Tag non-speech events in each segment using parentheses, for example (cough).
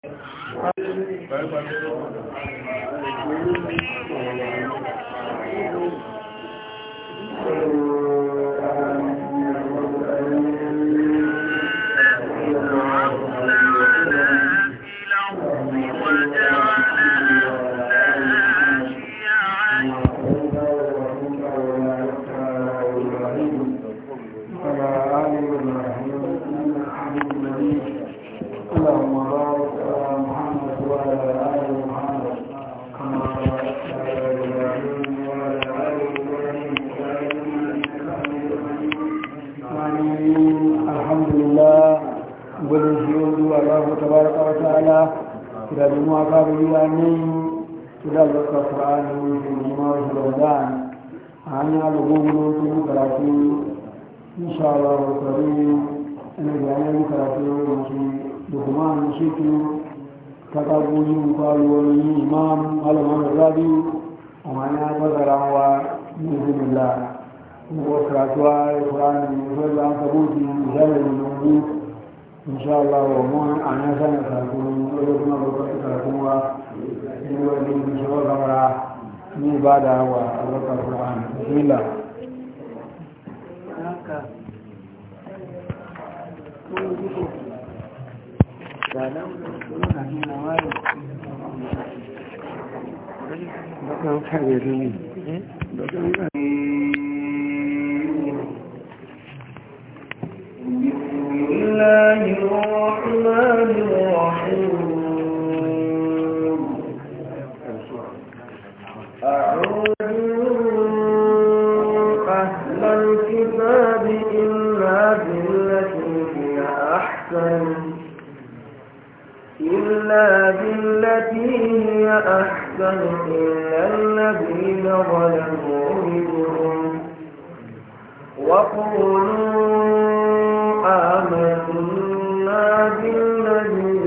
Thank you. da nuna ƙarfiya ne tulalaka ƙar'ani da nuna jordan a hanyar gugunan tun karatu inshallah ƙarfi ina da yanayin karatu yanki dukkan shikin kakabuyin imam alamar rabi a mana bazarawa musulun la kuma karatuwa ya ƙur'ani ya zai an kabuti inshallah wa mun an ya sanar sarkun lokacin abokan sarkun wa ni wani inshallah kamara ni ba da wa abokan ƙura'an bismillah بسم الله إلا بالتي هي أحسن إلا الذين ظلموا منهم وقولوا آمنا بالذي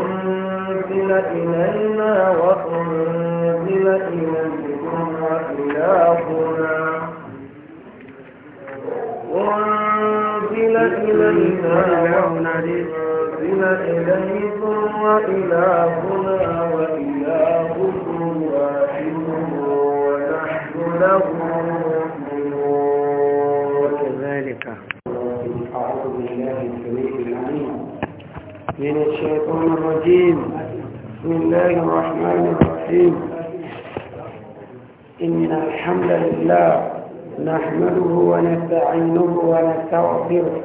أنزل إلينا وأنزل إليكم وإلهنا وأنزل إلينا وأنزل أرسل إليكم وإلهنا وإلهكم واحد ونحن له وكذلك أعوذ بالله السميع العليم من الشيطان الرجيم بسم الله الرحمن الرحيم إن الحمد لله نحمده ونستعينه ونستغفره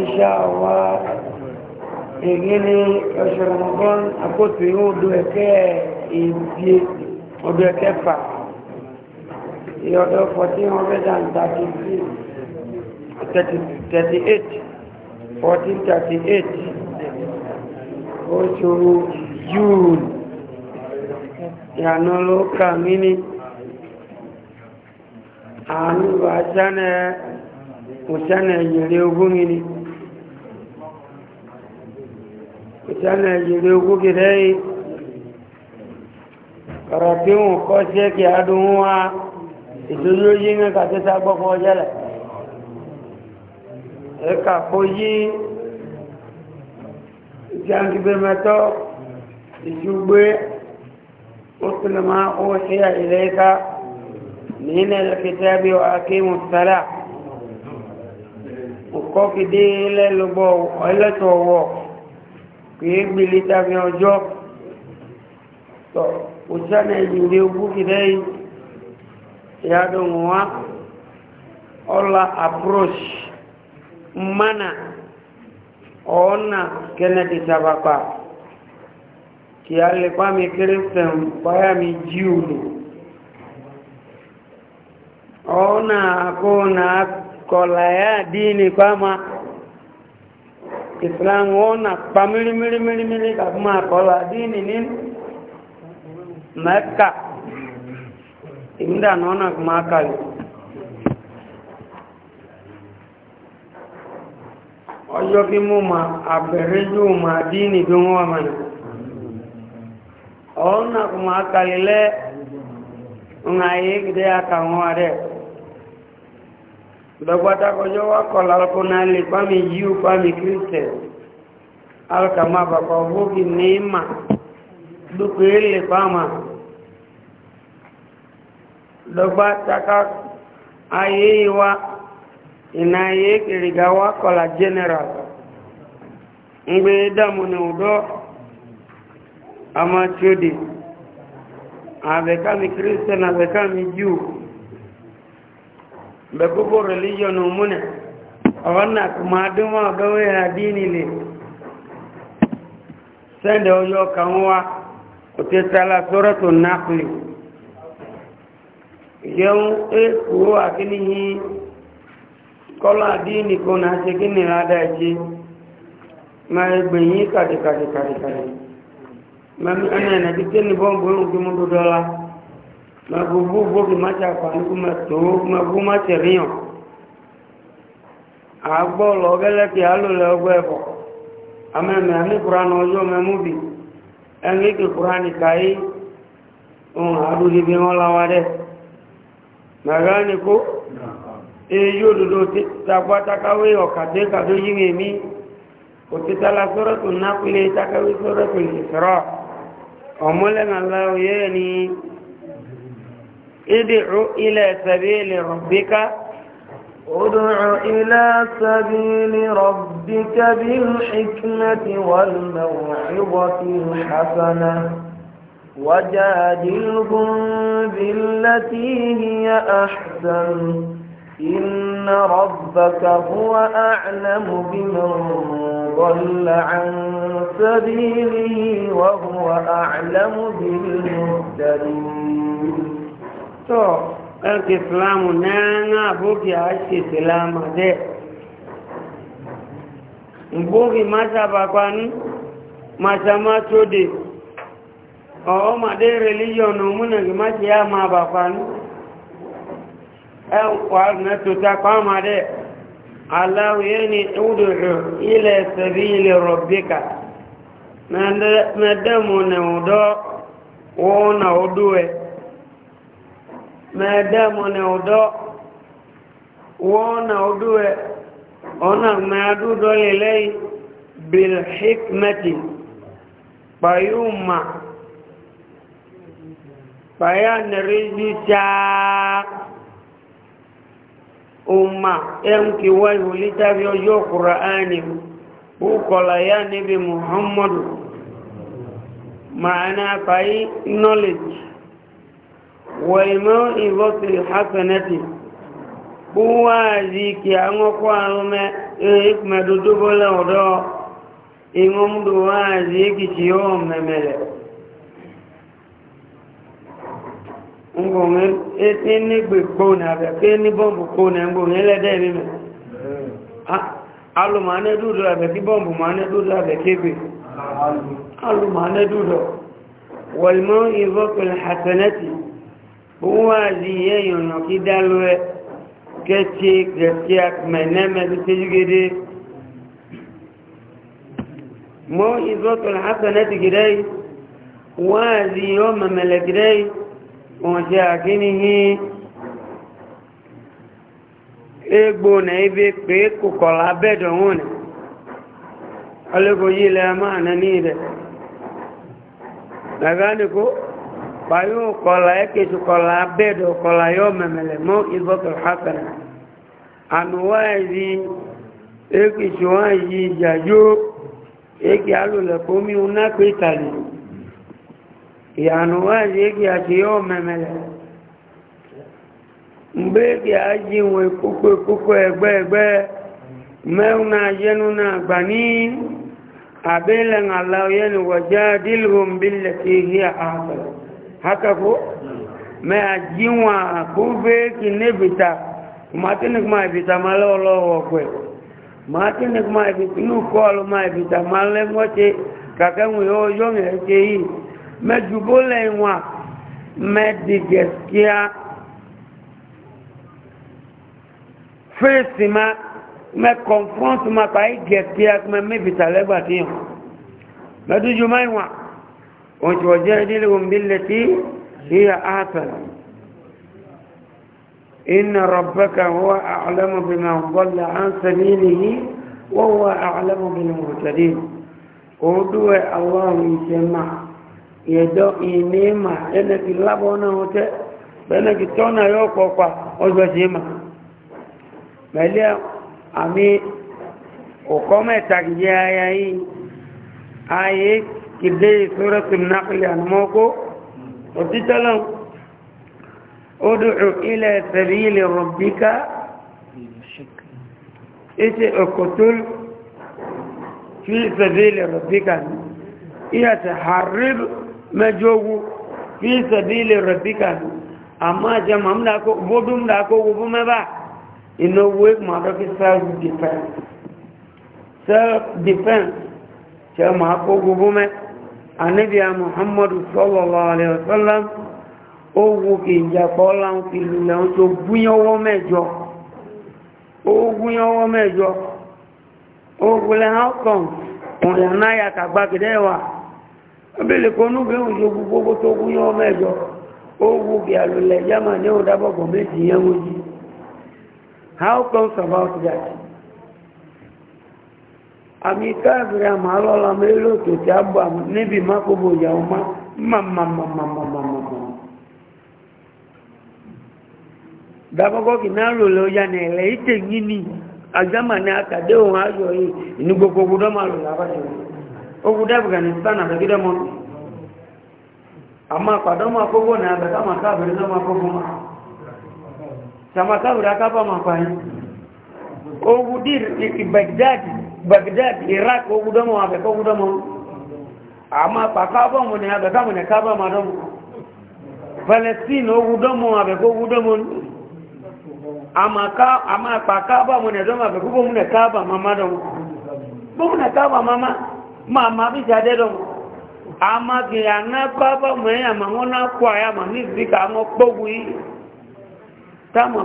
ìṣàwà ìgbélé ọ̀ṣọ́ ọmọgán àkótò ìwọ̀n odò ẹ̀kẹ́ ìbí odò ẹ̀kẹ́ fà ìyọ̀dọ̀ 1436 38 1438 oṣù june ìyànà ló kà mí ní àánú àjánẹ̀ òṣánẹ̀ ìyẹ̀rẹ̀ ogún mi ni. sana jiri ogogi dai karatun kọsẹ́ kí adùn wa ìtòlú yí ní kàtẹ́sà gbọ́kọ̀ jẹ́lẹ̀ ẹ̀ka kó yí ìjàngibẹ̀mẹ́tọ́ ìjúgbé أتل ما أوحي إليك من الكتاب وأقيم الصلاة وكوك دي للبو ولتوو kìí gbélé tàbí ọjọ́ tọ́ òṣìṣẹ́ ìlú ogún kìdẹ́ yìí ìyàdùn wá ọlá mana ọ̀ọ́nà kennedy sabapa kì á lè pa mi kírísítẹ̀n báyà mi jíù lò ọ̀ọ́nà akóhùn àkọlàyà dín ní pa máa islam wọn na pa mírímírímírí ka kuma akọlọ adini ní mẹ́ka ìmúdà náà na kuma akàlẹ̀ ọjọ́ kí mú ma àbẹ̀rẹ̀ jù ma adini tó ń wà mọ́ni ọ̀hún na kuma akàlẹ̀ lẹ́ ń ayé gidẹ́ akàwọn rẹ̀ lọ́gbọ́ta kọjọ́ wá kọlá ọkùnrin alẹ́ pàmì yíò pàmì kírísẹ̀ alkama bàbá ọgbógi ní ìmà dúkù ilẹ̀ pàmà lọ́gbọ́ta ká ayé wa ìnà ayé kìrìgà wá kọlá general ngbé dàmù ní ọdọ́ àmà tí ó dì àbẹ̀kámi kírísẹ̀ àbẹ̀kámi yíò da gugu religion muna a wannan kuma duma ga wayar addini ne sai da oyo kanwa ote tsala suratun nakli yau ekuwo a kinihi kọlọ addini ko na ṣe gini rada ce ma egbeyin kadikadikadikadi mami ana yana dikin ni bọ́m̀bù yóò gbé mú magubu gbogbo mata fani kuma to magu mata riyan agbọ́ọ̀lọ́ ọgẹ́lẹ́kì alòlẹ̀ ọgbọ́ ẹ̀fọ́ amẹ́mẹ́ àmì kùránù ọjọ́ mẹ́múbi ẹni kì kùránì káyé ohun àdúgbì wọn láwá dẹ̀ mẹ́rẹ́ ni kó èyí òdòdó tàgbà takáwé ọ̀kàdé kàdó yí mẹ́mí òtítàlá sọ́rọ̀tù nákúlé takáwé sọ́rọ̀tù ìṣòro ọmọlẹ́nà láwọ́ yẹ́ ni ادعو إلى سبيل ربك ادع إلى سبيل ربك بالحكمة والموعظة الحسنة وجادلهم بالتي هي أحسن إن ربك هو أعلم بمن ضل عن سبيله وهو أعلم بالمهتدين tọ́ ẹ̀kì ìsìláàmù náà àbókì àṣì ìsìláàmù dẹ̀ ìgbókì máṣàbàkwá ní máṣàmátódè ọ̀ọ́ màdé rẹ̀líyọ̀nù múnàkì máṣíyá máa bàkwá ní ẹ̀kwà nẹ́tòtàkwá màdẹ̀ aláwòyé ni ìwúdòrò ilẹ̀ sẹ̀bí ilẹ̀ rọ̀bíkà mẹ́dẹ́mù nẹ̀wùdọ́ wọ́n náà ó dúwẹ̀ẹ́ mẹ́ẹ̀dẹ́mọ̀ ni ọ̀dọ́ wọ́n na ọdú ẹ̀ ọ̀nà mẹ́ẹ̀dúdọ́ lè lẹ́yìn bil hikmeti payuma payanari lita umma ẹnkì wáyé lita fi ọjọ́ kura áni kúkọ̀lá yá níbi muhammadu ma'ana payi knowledge والموئظة الحسنة بوازي كي أنوكو أنوما إكما دودوبو لودو إنهم دوازي كي تيوم مملا ngbọ̀nwé etí ní gbèkó nà àbẹ̀kẹ́ ní bọ́m̀bù kó nà ngbọ̀nwé lẹ́dẹ̀ mímẹ̀ alùmọ̀ánẹ́ dúdọ̀ bọ́m̀bù mọ̀ánẹ́ dúdọ̀ àbẹ̀kẹ́ gbè wazi yeyo no kidalwe kechi kesiak meneme bitijigidi mo izoto alhasanati e e, gidai wazi yoma melekidai onse akinihi egbo na ebe pe kukola abedo nwune ọlẹ́kọ̀ọ́ yìí lẹ́yìn máa nà bayu kola yake tu kola bedo kola yo memele mo ilbakal hasana anuwazi eki yi jajo eki alule kumi unakwitali ya anuwazi eki atiyo memele eke aji we kukwe kukwe egbe egbe meuna yenuna gbani abele ngala yenu wajadilhum billati hiya ahsan haka ko me ajiwa kuve kinebita matini kuma ibita malolo wakwe matini kuma ibita nukolo ma ibita malengote kakangu yo yonge ke yi me jubole nwa me digeskia face ma me confront ma pa igeskia kuma me ibita legbati yo me dujume nwa وجادلهم بالتي هي أحسن إن ربك هو أعلم بمن ضل عن سبيله وهو أعلم بالمهتدين ودوى الله يسمع يدو إنما إنك لابونا هتا بأنك تونا يوكوكا أجوزيما مليا أمي وقومتك يا يا أيه كدي سورة النحل الموكو وتتلو ادع إلى سبيل ربك إيه اقتل في سبيل ربك يتحرر مجوه في سبيل ربك أما جمعهم لكو بودهم لكو وبما با إنه ويك معرفة self defense self defense جمعكو وبما anẹ́bíà muhammadu sọ́lọ̀lọ́ alẹ́ọ̀sọ́lá ó wo kì ìjàpọ̀ láwọn fi lulẹ̀ tó gúnyọ́wọ́ mẹ́jọ ó gúnyọ́wọ́ mẹ́jọ ó gúnlẹ̀ halkan ọ̀lẹ̀ anáyà tàgbàkìdẹ́ abẹ́lẹ̀ gbogbo how comes about that àmì káàkiri àmà lọ́la mélòó tó ti àbọ̀ àmà ma má kó bò ma ọmọ mọ̀mọ̀mọ̀mọ̀mọ̀mọ̀ dábọ́gọ́ kì náà lò lọ ya nẹ̀lẹ̀ ìtẹ̀ yìí ni àgbàmà ní àkàdé òun ayọ̀ yìí inú gbogbo ogudọ́ máa lò lábàjẹ́ ogudọ́ afghanistan àbẹ̀gídẹ́ mọ́ àmà àpàdọ́ máa kókó ní abẹ́ káàmà káàkiri náà máa kókó máa sàmà káàkiri akábà máa pààyàn ogudí ìbẹ̀gídáàdì bagdad iraq ko gudomo abe ko gudomo ama pakabo mo ne abe kamo ne kaba madom palestine o gudomo abe ko gudomo ama ka ama pakabo mo ne doma abe ko mo ne kaba mama dom mo ne kaba mama mama bi jade dom ama ki ana baba mo ya ma ngona kwa ya ma ni zika ngo kpogu yi tama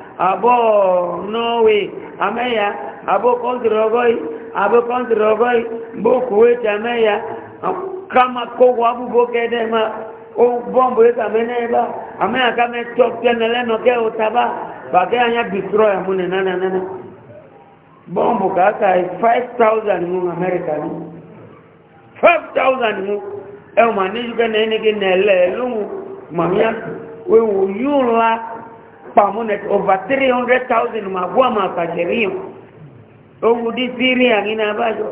abọ́ nọọwe amẹ́yà abọ́ kọ́ntìrì ọgọ́yì abọ́ kọ́ntìrì ọgọ́yì bó kuwait amẹ́yà kama kókò abúgbò kẹ́dẹ́ ma ó bọ́m̀bù yìí kàmẹ́ náà bá amẹ́yà kàmẹ́ tọ́ tẹ́nà lẹ́nu ụtaba ò taba bàkẹ́ àyà destroy àmúnẹ̀ nánà bọmbụ ka five thousand five e, ma pamonet over 300,000 mavua makadirio ogudi siria ngina abajo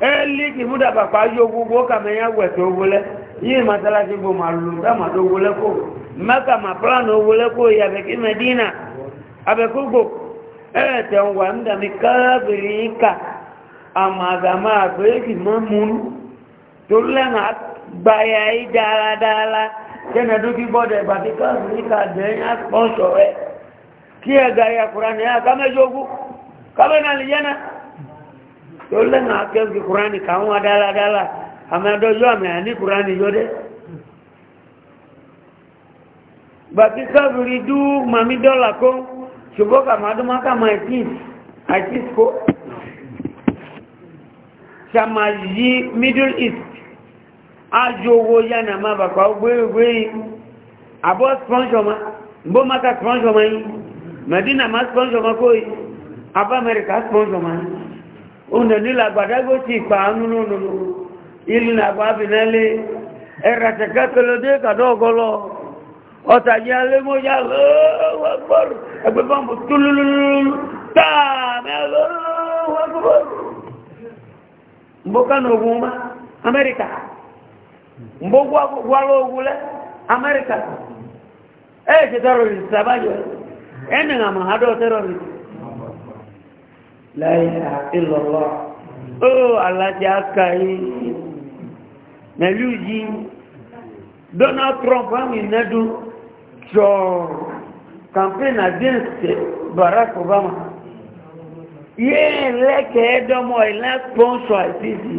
eli kimuda bapa yogugo kama yawe togule yi masala sibo malu kama togule ko maka ma plan ogule ko ya beki medina abekugo eh tengwa mda mikabirika amagama abeki mamun tulenga gbaya idala dala, dala. tẹ́nà dúkí gbọ́dọ̀ ìgbàtí káàkiri ní kàdé ẹ̀yà pọ́ńsọ̀ rẹ̀ kí ẹ̀gà ya kùránì ẹ̀yà kámẹ́jọ́gún kámẹ́nà lè yẹ́nà tó lẹ́nà akẹ́kì kùránì káwọn adáladála àmì adọ́jọ́ àmì àní kùránì yóde gbàtí káàkiri dú mami dọ́là kó ṣùgbọ́n kàmádùmá kàmá àìtíṣ kó ṣàmàyí middle east ajo owó yánà máa gbe gbégbé abụọ sponsor ma gbó maka sponsor ma yìí medina ma sponsor ma kó yìí abá amẹ́ríkà sponsor ma yìí oúnjẹ nílà gbàdágbó ti pa ánú lónìí ìlú nàgbà abìnẹ́lẹ́ ẹ̀rẹ̀tẹ̀kẹ́ pẹlẹdé kàdọ́ ọgọ́lọ́ mgbe gwara ogwule amerịka eji eh, terrorist abajo ene oh, na mahado terorist laila illallah o alaji aka yi melu ji donald trump ahụ inedu chọọ campaign against barack obama yee leke edomo ile sponsor isisi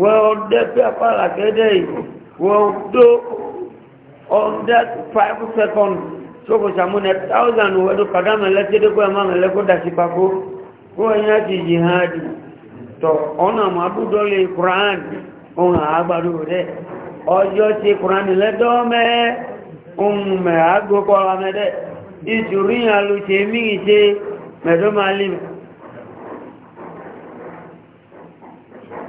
wọ́n ọdẹ pé apára gẹ́dẹ́ yìí wọ́n dó ọdẹ five seconds tó 1000 sàmúnẹ thousand wọ́n tó kàdá mẹ́lẹ́ tí dẹ́kọ́ ẹ̀má mẹ́lẹ́ kó dà sí pàkó kó ẹ̀yìn àti jihadi tọ̀ ọ̀nà quran ti quran mẹ́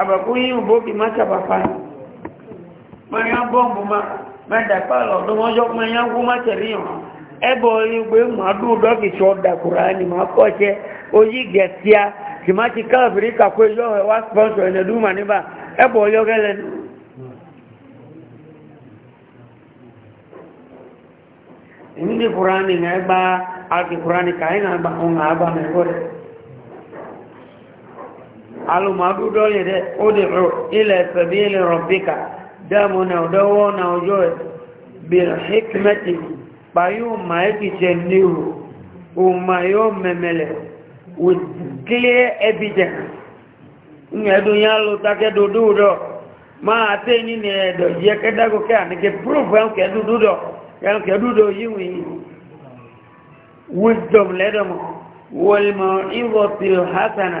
àbàkú yí ìbókì má sàbàfà mẹ́yà bọ́m̀bù má mẹ́dàpá lọ́dún wọ́n jọ mẹ́yà kú má tẹ̀ríyàn ẹbọ̀ ìgbé màdú dọ́kì tí ó dàkùrá ní má kọ́ṣẹ́ oyí gẹ̀ẹ́tíá kì má ti káàbìrí kàkó yọ ẹwà spọ́nsọ̀ ẹ̀nẹ̀dúmà níbà ẹbọ̀ yọ́gẹ́lẹ́ ní kùránì ẹgbà àti kùránì kàínà àgbà ọ̀hún àbàmẹ́gọ́rẹ̀ alùmọ́dún dọ́lẹ̀ rẹ̀ ó dẹ̀ rọ ilẹ̀ pẹ̀bí ilẹ̀ rọ̀bíkà dáàmù náà dọ́wọ́ náà ọjọ́ ẹ̀ bẹ̀rẹ̀ hikmeti pàyó with clear evidence ní ẹ̀dùn yá ló takẹ́ dúdú dọ̀ máa tẹ́ nínú ẹ̀dọ̀ yẹ kẹ́dàgókẹ́ àníkẹ́ proof ẹ̀kẹ́ dúdú dọ̀ ẹ̀kẹ́ dúdú wisdom lẹ́dọ̀mọ̀ wọlmọ̀ ìwọ̀tìl hasana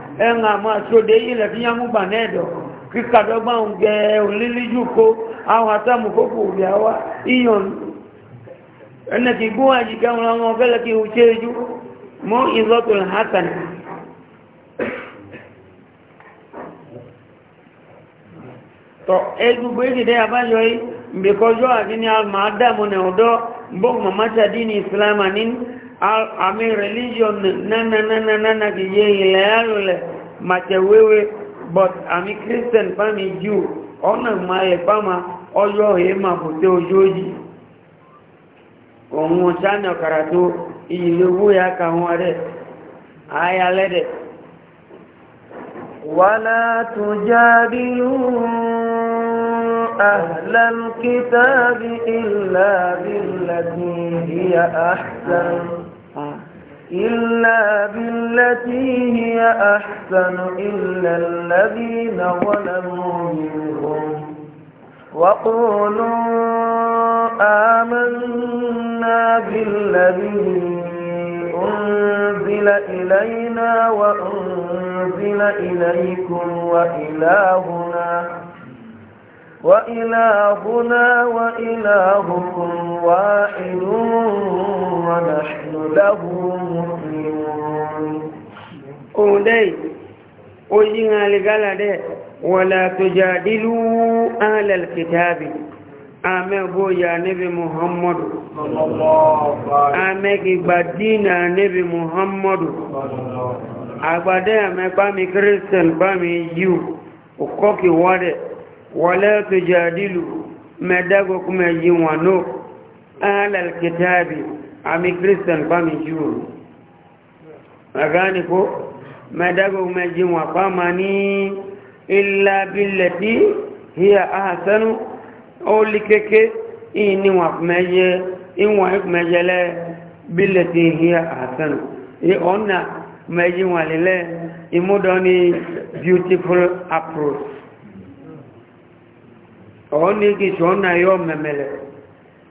ẹ̀ngà máa ṣòdé ilẹ̀ fi yá mú bà náà dọ̀ kíkàdọ́gbà ń gẹ olílíjú kó àwọn àtàmù kókò òbí àwá iyàn ẹnẹ kì gbó àjì kẹwọn àwọn ọ̀fẹ́lẹ̀ kì í ṣe ojú mọ́ ìlọ́tò hàtàn àmì religion nánanánánánà kì yé ilẹ̀ ayọ̀lẹ̀ màtẹ̀wéwé but àmì christian fámi jew ọ̀nà ìmọ̀lẹ̀ fáma ọjọ́ ma kò tẹ́ ojóòjì òun sáàni ọ̀kàrà tó ìyìnlówó ya kàwọn rẹ̀ ayalẹ́dẹ̀ wàlá tó jáde lóòrùn أهل الكتاب إلا بالتي هي أحسن إلا بالتي هي أحسن إلا الذين ظلموا منهم وقولوا آمنا بالذي أنزل إلينا وأنزل إليكم وإلهنا وإلهنا وإلهكم واحد ونحن له مؤمنون أولي أجينا لقال ولا تجادلوا أهل الكتاب ame boya nabi muhammadu ame gbadina nabi muhammadu agbade ame bami christian bami yiwu okoki wade ولا تجادلوا ما داغكم يوانو أهل الكتاب أمي كريستيان فامي جور أغاني كو ما داغكم يوان فاماني إلا بالتي هي أحسن أو لكيكي إني وفمي إن وفمي بالتي هي أحسن إيه أنا ما يوان لله إمودوني beautiful approach oni gisi ona yo memele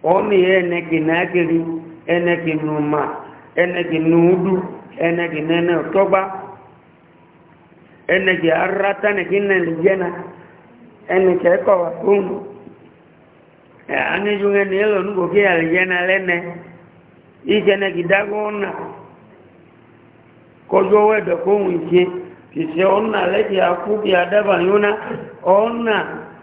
oni ene kinagiri ene kinuma ene kinudu ene kinene otoba ene ki arata ne kinene jena ene ke ko un e, ani junge ne lo nugo ke aljena lene ijene kidagona kojo wedo ko unje kisi ona leji akuki adaba yuna ona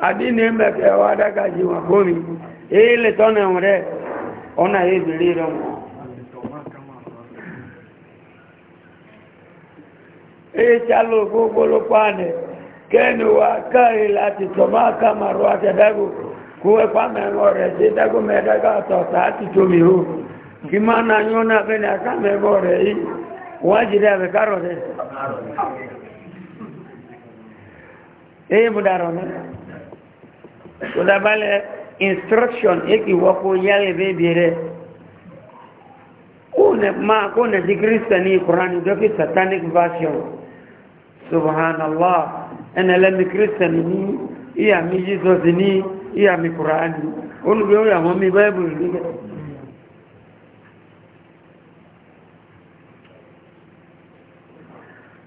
adini mbeke wadaka jiwakuni ile tone mre ona hizi lilo ee chalo kukulu kwane kenu wakari lati soma kama ruwake dagu kuwe kwa memore zidagu medaka atosa hati tumi huu kimana nyona kene haka memore hii wajiri hawe karo desu ee mudaro nana tó dábálẹ̀ instruction yẹ́kì wọ́pọ̀ yálẹ̀ bẹ́ẹ̀bẹ̀ rẹ̀ kó nẹ̀ sí kírísítẹ̀ní ìkùránì jọ́kì satanic version subhanallah ẹnẹlẹ́mi kírísítẹ̀ní ní ìyàmí jesus ní ìyàmí kùránì olùgbé ó yàwọn mi bẹ́ẹ̀bùrù nígbẹ̀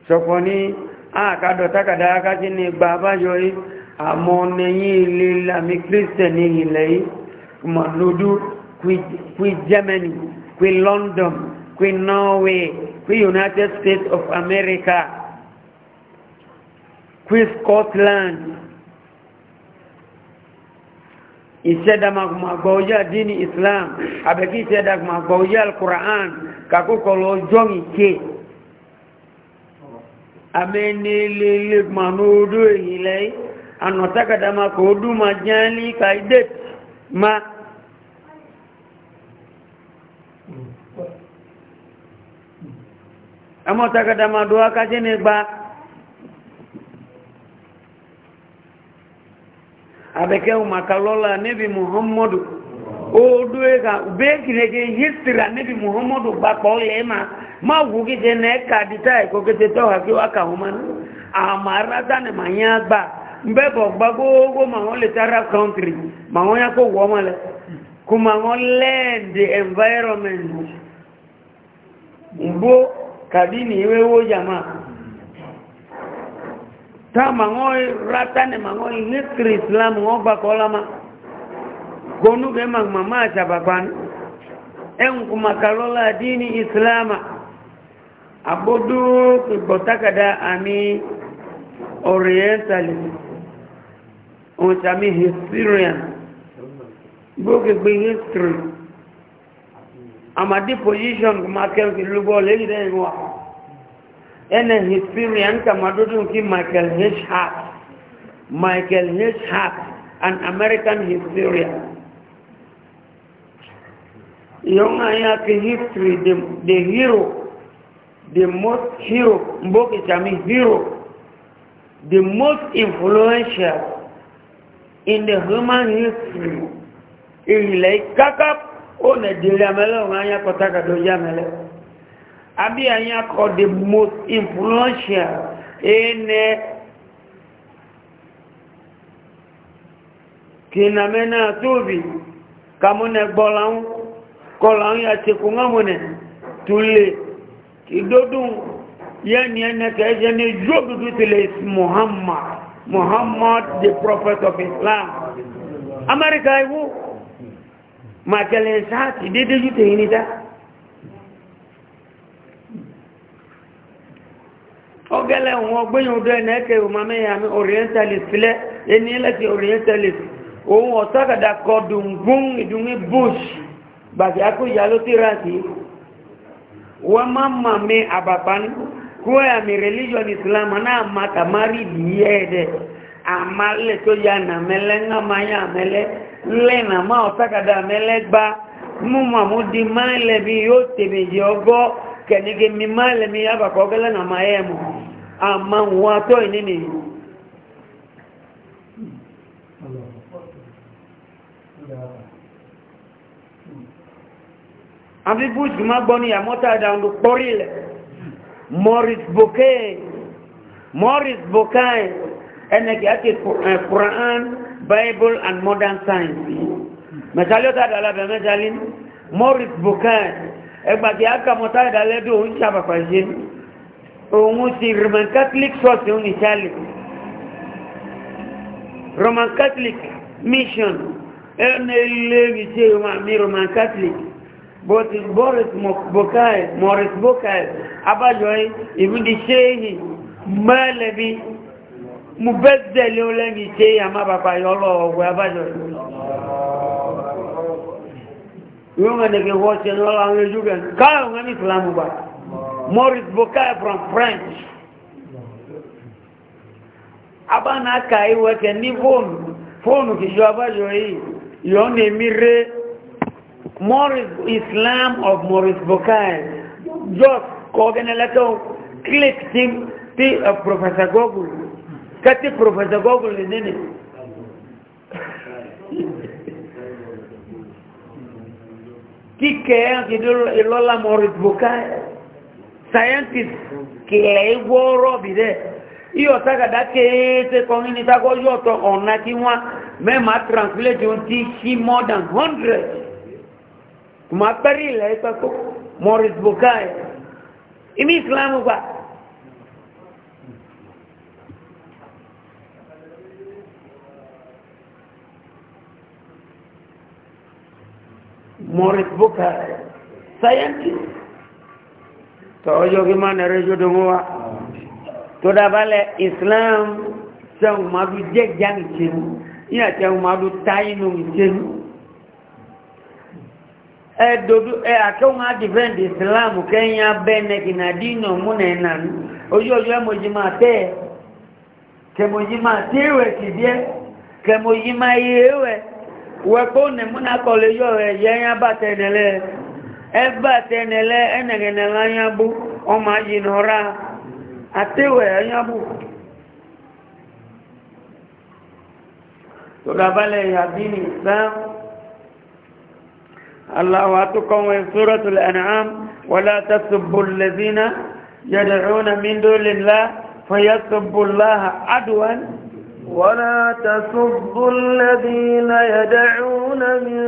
sọ̀pọ̀ ní àkádọ̀ tákàdá akájí ní gbà yìí àmọ́ nẹ̀yìn ilé lámì kírísítẹ̀nì ilẹ̀ yìí mọ̀lódú kwi germany kwi london kwi norway kwi united states of america kwi scotland ìṣẹ́dàmàgbọ̀ ojú àdínì islam àbẹ̀kí ìṣẹ́dàmàgbọ̀ ojú alkùrán kàkókọ̀lọ̀ ọjọ́ ìké amẹ́ni lè lè mọ̀ ní odó èyí anataka dama kuhuduma jani kaidet ma ama taka dama dua kajene ba abeke umakalola nebi muhammadu oduega ubeki nege histira nebi muhammadu bako lema ma wugi jene kadita eko kete toha ki waka humana amara tane manyagba mbẹ́bọ̀ gba gbogbo ma wọ́n lè tara country ma wọ́n yá kó wọ́n mọ́ kò ma wọ́n land environment mbó kàbí ní ìwé owó jàmá tá ma wọ́n rátá ni ma wọ́n lẹ́kìrì islam wọ́n gbà kọ́ lámá gbónúgbé ma màmá àṣàbàbá ní ẹ̀hùn kò ma kàlọ́lá dínì islam àbódó ìgbọ̀tákàdá àmì orientalism òtàmì historian gbókègbè history àmàdí position michael kìlúgbọ́ lẹ́gbẹ̀ẹ́ ìwà ẹnẹ historian kàmàdúdún kí michael h hart michael h hart an american historian yọ́n àyà kí history the, the hero the most hero mbókètàmì hero the most influential in the human history ilẹ̀ kákáp ó nàìjíríà mẹ́lẹ̀ òun àyà kọtàkàdọ̀ yá mẹ́lẹ̀ àbí àyà the most influential ẹnẹ kìnnàmẹ́nà tóbi kàmúnẹ gbọ́láhún kọláhún yà tẹkù mọ́múnẹ tulè ìdódún yẹ́ni ẹnẹ kẹ́ẹ́jẹ́ ní jókòtò tilẹ̀ muhammad Muhammad the prophet of Islam. America, Amẹ́ríkà iwú, màkẹlẹ̀ sáàtì dédé yú tèyí ní dá. Ọgẹ́lẹ̀ wọn ọgbẹ́yìn ọdọ́ ẹ̀nà ẹ́kẹ́ òmàmẹ́ àmì orientalist filẹ̀, ẹni ẹlẹ́tì orientalist, òun ọ̀sọ́kàdà kọ dùngún ìdúnmí bush, gbàtí akóyà ló tí ráàtì, wọ́n má màmí àbàbá nígbò kuwa ya mi religion islam na maka mari diede amale to ya na mele nga maya mele le na ma otaka da mele gba mu ma mu di male bi yo te bi yogo kenige mi male mi aba ko gele na mayemu ama wa to ni ni abi buj ma gboni ya mota da ndu Maurice Bouquet Maurice Bouquet ẹnẹgì àti eh, Quran Bible and modern science mẹsàlẹ́ ọ̀tá àdàlà bẹ̀ mẹsàlẹ́ Maurice Bouquet ẹgbàdì àkàmọ́tà ìdálẹ́dọ̀ òun ṣàbàfà ṣe òun ti Roman Catholic Church òun ìṣàlẹ̀ Roman Catholic Mission ẹnẹ ilé ìṣe Roman Catholic boris bokai morris bokai abájọ́yí ìbúdí ṣéhì mẹ́lẹ̀bí mú bẹ́ẹ̀dẹ̀ lé ó lẹ́yìn ṣe àmá bàbá yọ lọ ọgbẹ̀ abájọ́yí yóò mẹ́ nìkẹ́ wọ́n ṣe ní ọlá àwọn ojú morris bokai from french abánaka ìwẹ̀kẹ̀ ní fóònù fóònù kìí ṣe abájọ́yí yọ́n ní mi Morris Islam of Morris Bokai. Just kogeneleto click team ti uh, Professor Google. Kati Professor Google ni nini? (laughs) Kike kidolo ilola Morris Bokai. Scientist kile iworo bide. Iyo taka dake te kongini tako yoto onaki mwa. Mema translate yunti she more than 100 mapari la ipa ko Morris Bukai imi Islam pa Morris Bukai scientist tọ́jọ́ kí máa nẹ̀rẹ́ ṣódò mọ́ wa tó dábálẹ̀ Islam sẹ́hùn máa bí jẹ́ jáǹkì ṣe mú ìyàtẹ̀hùn máa bí táyínú ẹ̀dọ̀dọ̀ ẹ̀ àkẹ́wọ̀n adìfẹ́ǹd islam kẹ́yìn abẹ́nẹ̀kì nàdínà múnà ẹ̀nàánú ojú ọjọ́ ẹmọ̀jì tẹ́ ẹ̀ kẹmọ̀jì máa tẹ́ ẹ̀wẹ̀ díẹ̀ wẹ̀kọ́ nẹ̀ múnà kọlẹ̀ yọ ẹ̀ ọmọ الله من سورة الأنعام ولا تسبوا الذين يدعون من دون الله فيسبوا الله عدوا ولا تسبوا الذين يدعون من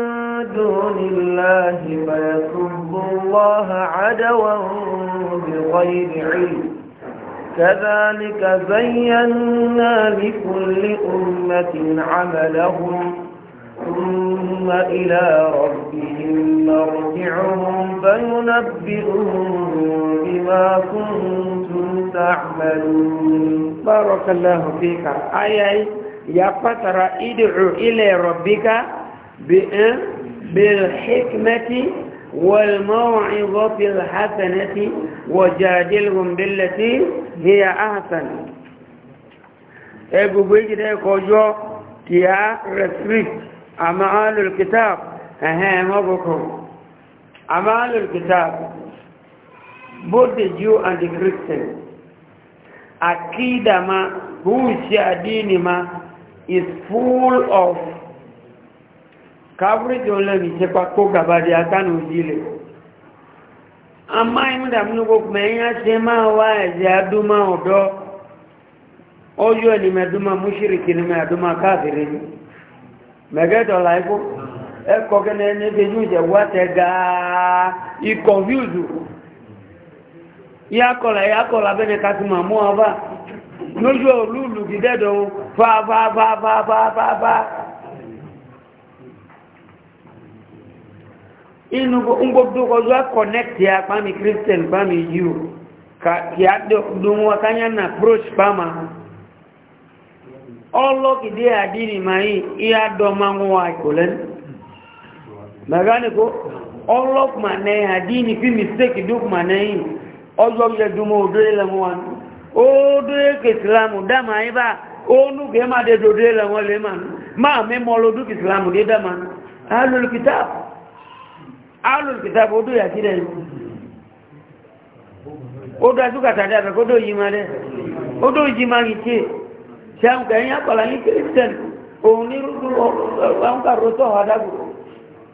دون الله فيسبوا الله عدوا بغير علم كذلك زينا لكل أمة عملهم ثم إلى ربهم مرجعهم فينبئهم بما كنتم تعملون بارك الله فيك آي أي يا فترة ادعو إلى ربك بالحكمة والموعظة الحسنة وجادلهم بالتي هي أحسن egbogbo ejide kọjọ kìí restrict أما kitab ehe أهي مبكم ama أهل الكتاب both the Jew and the Christian akida ma huishi ya dini ma is full of coverage ole misepa ko gabadi atanu ujile ama imuda mnuko kumenya sema wazi aduma odo oyo ni meduma mushiriki ni meduma kafiri mẹ̀gẹ́dọ̀lá ikú ẹkọ̀ kẹ́nẹ̀ níbi yóò jẹ́ wátẹ̀ gáà ìkọ̀fíùsù yákọ̀lá yákọ̀lá bẹ́ẹ̀ kásí máa mú ọba lójú olúùlù gídẹ́dọ̀ fàfàfàfàfàfà inú gbogbo ọjọ́ kọ̀nẹ́kì apámi christian pàmì yìí kí á dùn wọn káyán na approach pàmà ọlọ́kìdí àdínì máyí ìyá dọmanwọ́ àìkòlẹ́ mẹ́gánikó ọlọ́kùnmànẹ́ àdínì fí mistake dúkùnmànẹ́yìn ọjọ́ yẹdúnmọ́ òdóyé lẹ́wọ́n wọn ó dóyé kìsìlámù dáma yí bá ó núgẹ́ má dé dòdóyé lẹ́wọ́n lè máa máa mímọ́ lódú kìsìlámù dé dáma alùlùkìtàbù alùlùkìtàbù ó dóyà sílẹ̀ sẹ́wọ̀n kẹ́yìn akọ̀là ní kírísítẹ̀n òun ní rúdú wọn kà rótó ọ̀dàgbò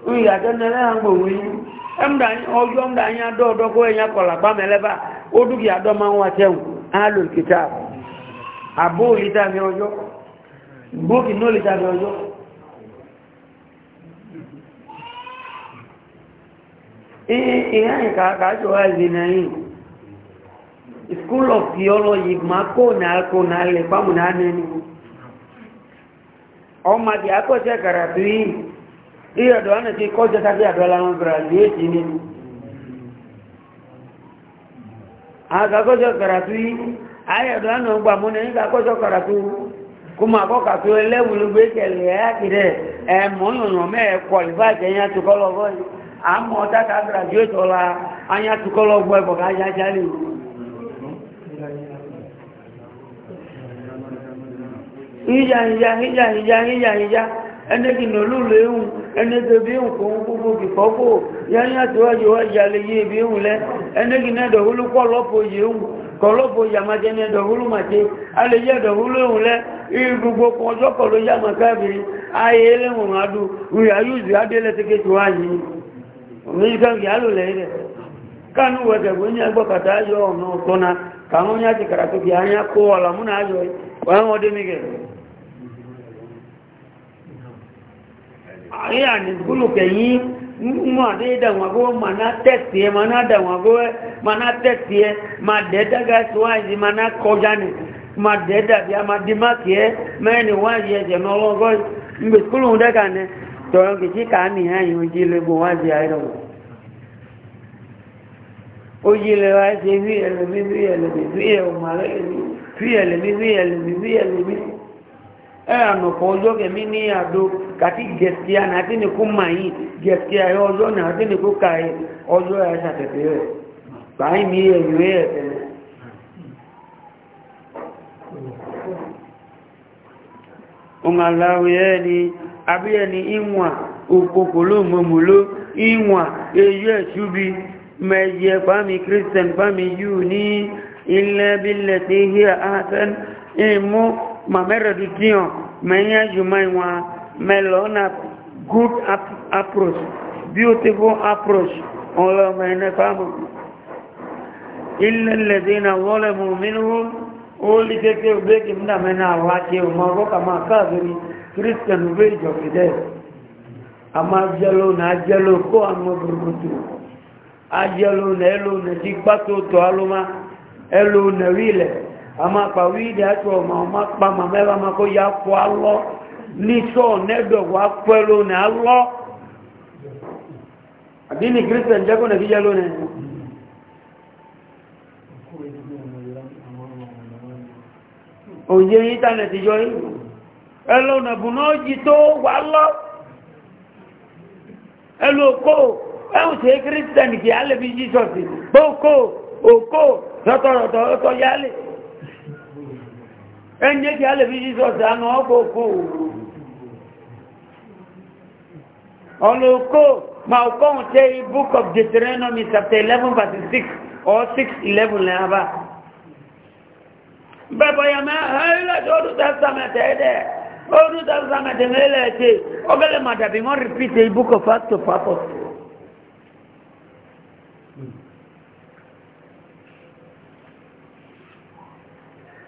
ń yàtọ̀ nílẹ̀ àgbò wọn yìí ẹ̀mdà ọjọ́ ẹ̀mdà yẹn adọ́ ọdọ́ kó ẹ̀yìn akọ̀là gbàmẹ́lẹ́bà ó dúkìá dọ́ máa ń wá sẹ́wọ̀n á lò kìtà mi ọjọ́ mi school of theology ma kó náà kó náà lè bámu náà nẹni ọmọ àti akọ́ṣẹ́ kàràtú yìí iye ọ̀dọ̀ wọn ti kọ́ṣẹ́ tàbí àdọ́lá wọn graduate ni akọ́ṣẹ́ kàràtú yìí ayé ọ̀dọ̀ wọn gbà mú ní akọ́ṣẹ́ kàràtú kó máa kọ́ kàtó ẹlẹ́wùn gbé kẹlẹ̀ ẹ̀ àkìrẹ̀ ẹ̀ mọ́nùnà mẹ́ẹ̀ kọ̀lìfà kẹ́yìn àtúkọ́lọ́gbọ́ yìí àmọ́ ọ̀tá ká graduate ọ̀la ayé àtúkọ́lọ́gbọ́ ẹ̀bọ̀ ká yájá lè wù hija hija hija hija hija hija ẹnẹ́kì nọlúlù ehun ẹnẹ́kì bí ehun kò ń gbogbo kìkọ́kọ́ yányá tíwájú wájá lè yé ibi ehun lẹ ẹnẹ́kì náà dọ̀húlú kọ́ lọ́pọ̀ yìí ehun kọ́ lọ́pọ̀ yàmájẹ́ ní ẹ̀dọ̀húlú màjẹ́ a lè yẹ ẹ̀dọ̀húlú ehun lẹ gbogbo kan ọjọ́ kọ̀ ló yá màkáàbìrì ayé ẹlẹ́wọ̀n àríyà ní gúlùkẹ̀ yìí mú àdéhìdàwọn agbówó ma ná tẹ̀sí ẹ ma ná dàwọn agbówó ma ná tẹ̀sí ẹ ma dẹ́dàgà síwáyìí ma ná kọjá ní ma dẹ́dàbí a ma di máàkì ẹ mẹ́rin wáyìí ẹ̀jẹ̀ náà lọ́gọ́ ìgbèkúlù dẹ́ka ní tọrọ kìí ká ní ẹ̀yìn ojí lẹ́gbọ̀n wáyìí àìrọ̀wọ̀ oyi le wa ṣe wí ẹlòmí wí ẹlòmí wí ẹlòmí wí ẹlòmí wí ẹlòmí wí ẹlòmí ẹ̀rànà kan ọjọ́ kẹmí ní àdó kàtí gẹ̀ẹ́sìá náà tí ní kó mà yìí gẹ̀ẹ́sìá ẹ̀ ọjọ́ náà tí ní ka ẹ̀ ọjọ́ ẹ̀ ṣàtẹ̀tẹ̀ rẹ̀ báyìí mi ẹ̀yọ́ ẹ̀ tẹ̀lẹ̀. ọmọ aláwọ̀ ẹ̀ ni kírísítẹ̀n mameredu tiyan menya juma iwa melona good approach beautiful approach ọlọ mẹ́rin fáàmù ilẹ̀ lẹ́dẹ́ na wọ́lẹ̀ mú mínú ó lè kéèkéé ògbéèkì mú dàmẹ́nà àwọn àti ọmọ ọgọ́kà máa káàkiri christian ògbé ìjọ̀kìdẹ́ a máa jẹ́lò na jẹ́lò kó àwọn burúkutù a jẹ́lò na ẹlò na jí gbátò tọ́ alómá ẹlò na rí ilẹ̀ àmà pàwí ìdí àti ọmọ ọmọ pàmà mẹ́wàá máa kó ya kó alọ́ ní sọ nẹ́dọ̀wọ́ apẹ́ lónìí alọ́ àdínì kírísítẹ̀n jẹ́ kọ́nà kíjẹ́ lónìí òye íńtánẹ̀tì yọ yìí ẹlọ́nà bùnà jí tó wà lọ ẹlòkó ẹ̀hùn tí kírísítẹ̀n kì á lè fi jísọ̀sì bó kó òkó rọ̀tọ̀rọ̀tọ̀ ọ̀tọ̀ yálè ẹnjẹ́ kí a lè fi jesus àná ọgbọ̀gbọ̀ ọlọ́kọ́ máa kọ́hùn tẹ́ book of deuteronomy chapter eleven verse six or six eleven lẹ́yìn abá bẹ́bọ̀ yà máa ẹ̀rọ tó ọdún testament ẹ̀dẹ̀ ọdún testament mẹ́lẹ̀ ẹ̀tẹ́ ọgẹ́lẹ̀ màdàbí wọ́n repeat the book of acts of apostles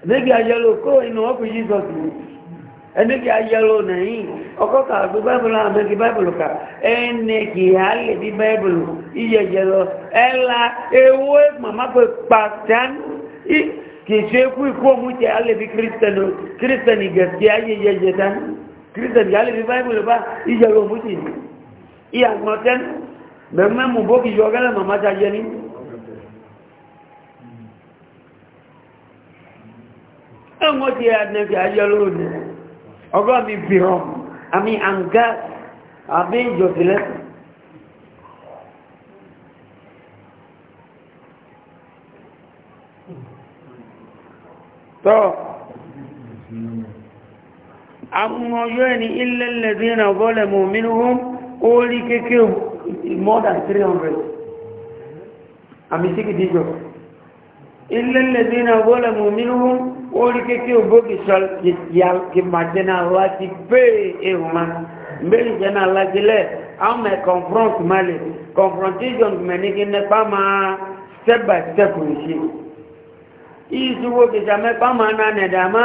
níbi àyẹ̀lò kó inú ọ́pù jesus mú ẹnìkì àyẹ̀lò nẹ̀yìn ọkọ̀kà àgbé báìbùlù àmẹ́kì báìbùlù ká ẹnì kì á lè bí báìbùlù ìyẹ̀yẹ̀lọ ẹ̀la ewó màmápẹ̀ pàtán kì í ṣe kú ikú òmù tẹ á lè bí kírísítẹ̀nì kírísítẹ̀nì gẹ̀ẹ́sì ayẹyẹyẹ tán kírísítẹ̀nì á lè bí báìbùlù bá ìyẹ̀lò òmù tì ní ìyàgbọ̀n bókì yọ ẹ̀wọ́n ti àdínẹ́bì ayé lóòdì ọgọ́ mi bìrọ̀ àmì àǹgá àbí ìjọ̀sílẹ̀ tọ́ àwọn ọjọ́ ẹni ilẹ̀ lẹ́dínà bọ́lẹ̀ mọ̀ mínú orí kéèkéè more than 300 àmì síkìdíjọ ilẹ̀ lẹ́dínà bọ́lẹ̀ mọ̀ mínú orí kékeré ògbógi sọ kì máa jẹ́ náà láti pé ewu ma mbẹ́lì jẹ́ náà láti lẹ̀ àwọn mẹ́ confront máa lè confrontation mẹ́ ní kí nípa máa step by step rẹ̀ ṣe ìṣúwò kìsà mẹ́pá máa náà nẹ̀ dàmá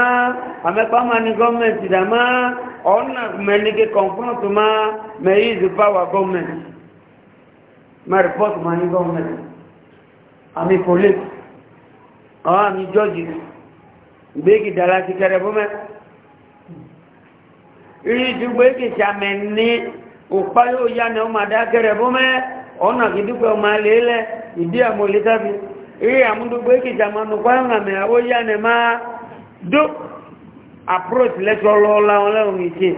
àmẹ́pá máa ní gọ́ọ̀mẹ̀ntì dàmá ọ̀nà mẹ́ ní kí confront máa mẹ́ ìṣù power gọ́ọ̀mẹ̀ntì mẹ́ report máa ní gọ́ọ̀mẹ̀ntì àmì police àwọn àmì judges gbégi dala ti kẹrẹ fún mẹ ìrìtú gbégi sàmẹ ní òpá yóò yá ni ó máa dá kẹrẹ fún mẹ ọ̀nà ìdúpẹ́ ọmọ alẹ́ lẹ ìdí àmọ́ lè sáfi ìrì gbégi sàmẹ nùpá ìrànmẹ ó ni máa dó approach lẹ́tọ́ lọ́ọ́ láwọn lẹ́hùn ìṣe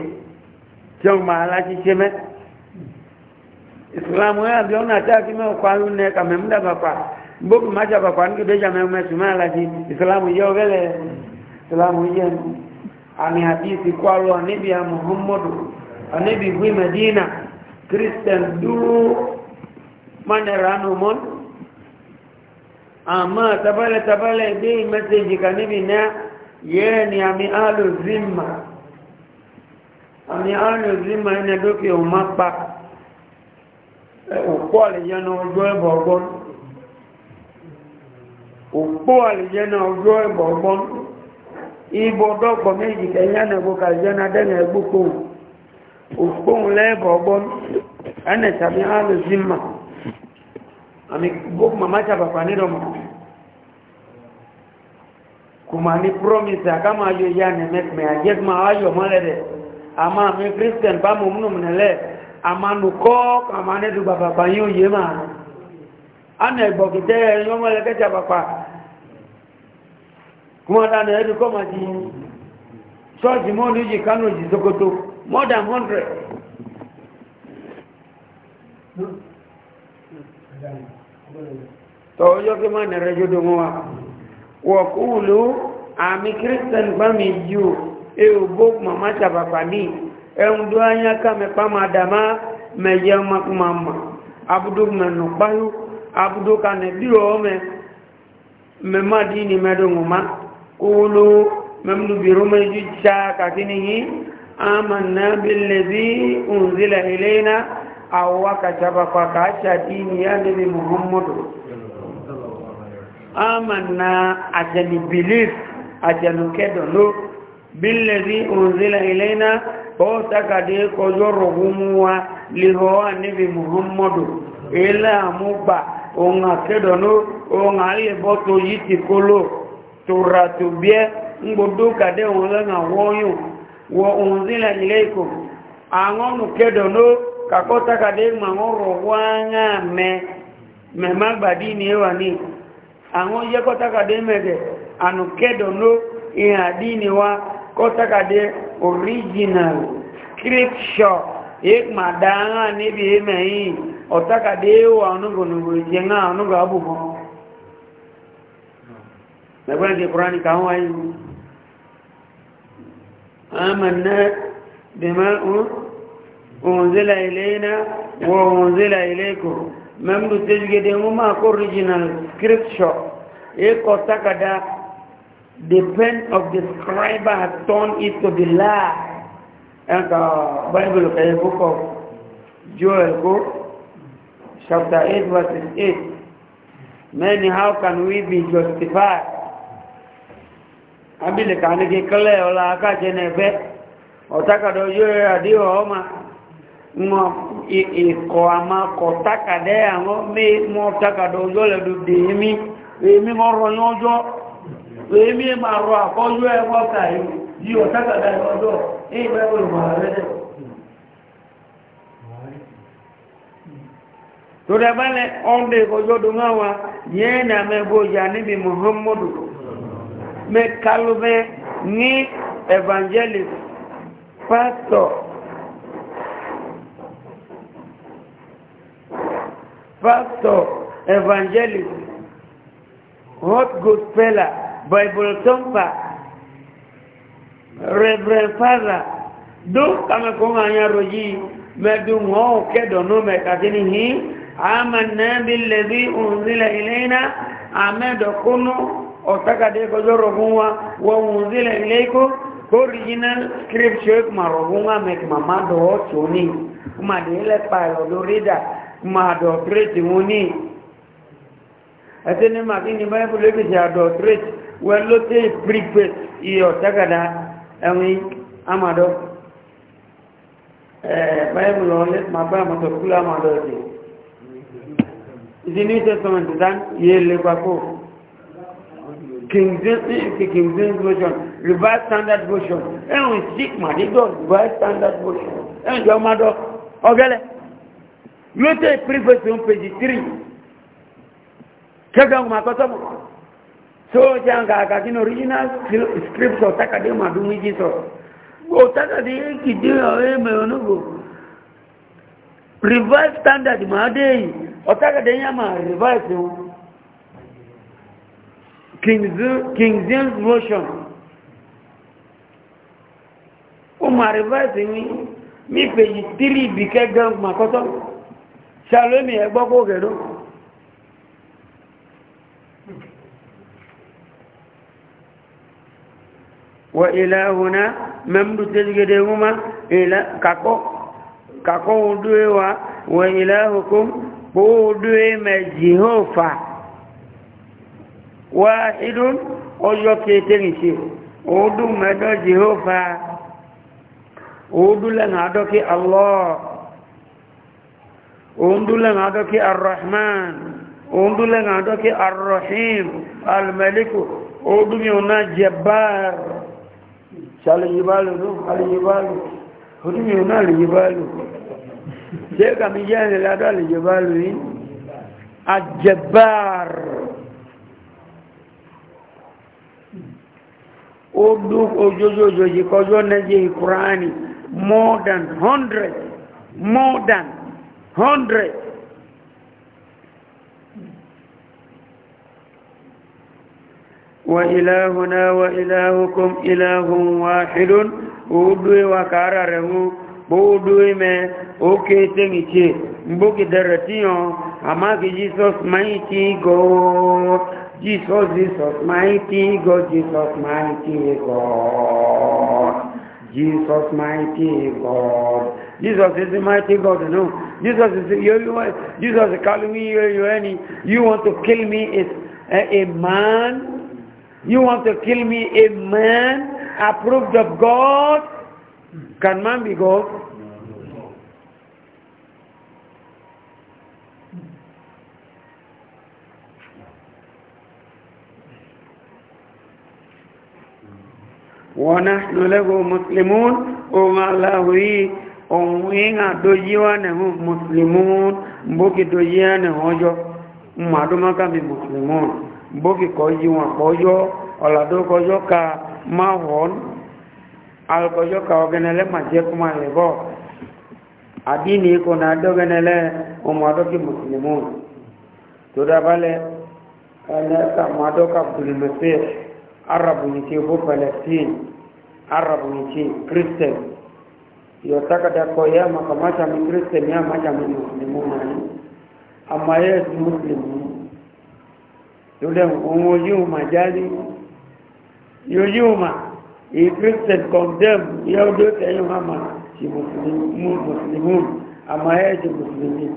tí ó máa láti ṣe mẹ́ ìsìlámù ẹ̀ àbí ọ̀nà àti àfihàn ọkọ̀ ayún ní ẹ̀ka dàgbà pa gbogbo máa jàpá pa nígbè déjà mẹ́rin mẹ́sùn máa láti ìsìlámù yẹ́ ọ̀rẹ́lẹ̀ ìsìlámù yẹ́ nu àmì àdìsí kọ́ lọ níbi muhammadu níbi medina christian dúró mánẹ̀rà nù ama tabale tabale tabalẹ̀ gbé mẹ́sẹ̀jì kan níbi náà yẹ́ ni àmì alùzimma àmì alùzimma ẹni ẹgbẹ́ òkè òun má pa òkú eh, àlèyàn ọjọ́ ẹ̀bọ̀ ọgbọ́n òpó àlìjẹ́nà ọjọ́ ẹ̀bọ̀ ọgbọ́n ibọ̀dọ́gbọ̀ méjì kẹyànàgbò kàlìjẹ́nà dẹ́nà ẹgbùkò òpó lẹ́ẹ̀bọ̀ ọgbọ́n ẹnẹ̀sàmí alùsímà àmì gbogbo màmá sàbàbà nídọ̀mọ̀ kò mà promise àkámà ayọ̀ yá ni mẹ́kùnmẹ́ àjẹ́gbọ́n ayọ̀ mọ́lẹ̀dẹ̀ àmà mi christian bá mọ̀ múnú mìnàlẹ̀ àmà nùkọ́ àmà nẹ́dùbàbàbà yóò yé màá ana mọ́dá ní ẹ̀dù kọ́mà jí ṣọ́ọ̀tì mọ́ọ̀lú yìí kánò jì sokoto more than hundred tọ́ọ̀yọ́ kí máa nẹ̀rẹ̀ jọ́dọ̀ mọ́ wa wọ̀kúùlù àmì kírísítẹ̀n gbámi jù ewu bó màmá sàbàbà ní ẹ̀hùn tó ányá kàmẹ́pá máa dàmá mẹ̀yẹ màmá abudu mẹ̀nù páyú abudu kanẹ̀ bí ọmọ mẹ́má dín ní mẹ́dọ̀ngùn máa قولوا ممن برمج شاكا كنه آمنا بالذي أنزل إلينا أو وكتب فكاشا دين يا نبي محمد آمنا أجل بليف أجل كدلو بالذي أنزل إلينا بوتك دي كجرهم لهو نبي محمد إلا مبا ونكدلو ونعيبطو يتكلو tó ra tó bí ẹ́ ń gbogbo kàdé wọn lẹ́nà wọ́ yóò wọ ohun sílẹ̀ ilé ikò àwọn olùkẹ́dọ̀ ló kàkọ́ tákàdé ma wọ́n rọ̀ wọ́n á mẹ́ mẹ́má gbàdí ní ẹwà ní àwọn yẹ́ kọ́ tákàdé mẹ́gẹ̀ ànùkẹ́dọ̀ ló ihà dí ní wá kọ́ tákàdé original scripture èk mà dáhà níbi ẹmẹ́ yìí ọ̀tákàdé wà ọ̀nùgbọ̀nùgbọ̀ ìjẹ́ náà ọ̀nùgbọ̀ àbùkọ́ mẹ́gbọ́n kí kúránì káwọn wáyé mú amanna bima unzila ilayna wa unzila ilaykum memdu tejgede mu ma ko original scripture e ko the pen of the scriber had turned it to the law eh, and bible kay book of joel ko chapter 8 verse 8 man how can we be justified abi le kani ke kale ola aka je ne be otaka do yo adi o ma mo i i ko ama ko taka de amo mi mo taka do yo le du di mi mi mo ro no jo we mi ma ro a ko yo e wa ka yi di o taka da no jo e me ro ma re de tore bale onde ko jo du ngawa ye na me go ja ni bi muhammadu mɛ kalo bɛ ní evangelist pastor pastor evangelist hot gospeller bible thumper reverend father do kama ko ma nya roji mɛ du ŋɔ kɛdɔ no mɛ kakini hi ama nabi lɛbi unzila ilayna amɛ dɔ kunu. otaka deko zorogunwa wawunzile mleiko original script shoek marogunwa met mamado ocho ni kumadele palo dorida mado treti muni atene makini mbaya kuleke cha do treti wello te prepes iyo taka da ami amado eh mbaya mlonet mabaya mato kula amado ti izini se somente dan yele kwa kofu King James version, Revised Standard version, ẹ̀rùn Sigma nígbà Standard version, ẹ̀rùn jọ máa dọ́ ọgẹ́lẹ̀. Yóò tẹ́ on page 3. Kẹ́gbẹ́ ọmọ akọ́tọ́ mọ̀. So ṣe àwọn original script of Takade Madum Iji sọ̀rọ̀. Gò Takade kìdí ọ̀rẹ́ ẹ̀mẹ̀ onúgbò. Revised Standard máa dé yìí, ọ̀takade yẹn máa king james version ó máa revise ní mí pèyí tírí ìbìkẹ́ gan màkọ́tọ́ ṣàlómi ẹgbọ́ kó gẹ̀rọ wọ ilẹ̀ ọ̀nà mẹ́mú tẹ́lẹ̀gẹ́dẹ̀ ọmọ ilẹ̀ kakọ́ kakọ́ odó ẹwà wọ ilẹ̀ ọkọ́ kó odó ẹmẹ̀ jihọ́ wáhídún ọjọ́ kéèkéèrè ṣe òódùn mẹ́dọ́ jehova òódùn lẹ́nà àdọ́kí allah òódùn lẹ́nà àdọ́kí arrahman òódùn lẹ́nà àdọ́kí arrahim almaliku òódùn yóò náà jẹbáàr ṣàlẹ̀yìbálù ló alẹ̀yìbálù òódùn yóò náà alẹ̀yìbálù ṣe jẹ́ ìrìnlẹ́dọ́ alẹ̀yìbálù yìí àjẹbáàr ojojojoji kọjọ́ nẹ́jẹ́ ìkùránì more than hundred, more than hundred. وإلهنا وإلهكم إله واحد ودوي وكارا رهو بودوي ما أوكي تنجي مبوكي درتيون أما في جيسوس مايتي غوت Jesus, Jesus, mighty God, Jesus, mighty God. Jesus, mighty God. Jesus is the mighty God, no. Jesus is you, you, Jesus is calling me, you, you, any. You want to kill me is a, a man. You want to kill me a man approved of God. Can man be God? ونحن له مسلمون وما الله onwinga dojiwane hu muslimun mboki dojiane hojo maduma kami muslimun mboki kojiwa kojo olado kojo ka mahon al kojo ka ogenele maje kuma lebo adini ko na dogenele umado ki muslimun to dabale ana ka madoka bulimese arabu nchini huko palestine arabu nchini kristen yotaka dakoyama kamacha mi kristen ya macha mi muslimani ama ye si muslimu yule umujuma jali yujuma i kristen kondem ya dote hiyo mama si muslimu muslimu ama ye si muslimu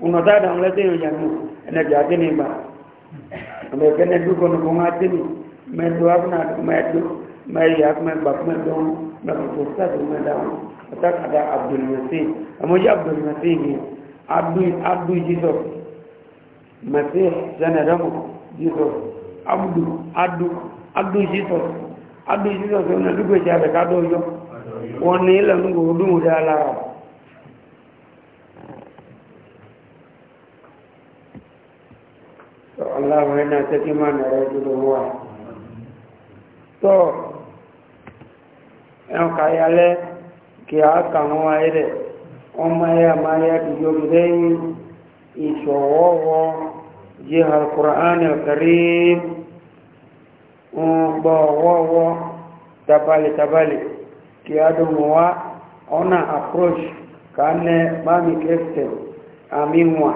unataka unalete hiyo jamii na jatini ba kene duko nukungatini मैं दो ना मैं दो मैं याद मैं बाप में दो मैं दोस्ता दो मैं दाऊं पता कदा अब्दुल मसीह मुझे अब्दुल मसीह ही अब्दुल अब्दुल जीसो मसीह जन रम जीसो अब्दु अब्दु अब्दु जीसो अब्दु जीसो से उन्हें लुगे जाए का दो यो वो नील उनको उड़ू डाला तो अल्लाह वहना सकीमान रहे जो हुआ tó ẹ̀hùn kàyálẹ́ kì á kà wọ́n ayé rẹ̀ ọmọ ẹ̀yà máa yá kìjọ lẹ́yìn ìṣọ̀wọ́wọ́ jẹ́ alkùránì kàrí ń gbọ́ wọ́wọ́ tabali tabali kì á dùn wá ọ̀nà approach kàánẹ́ mami kẹfẹ́ àmì wọn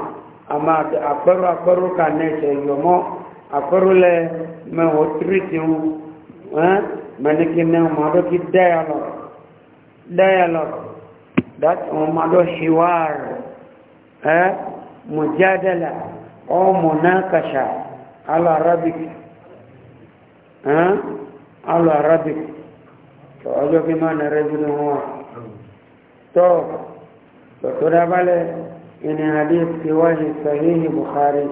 àmà àpẹrù àpẹrù kàánẹ́ ṣe yọmọ àpẹrù lẹ mẹ́wọ́ tírìtì wọn mẹ́lẹ́kínà ọmọdé kí dialogue dialogue that ọmọdé hiwar mujadala o munakasha ala arabic ala arabic tó ọjọ́ kí máa nà rẹ̀ jùlọ wọn tó tó dábálẹ̀ ìní hadith tí wáyé sahihi bukhari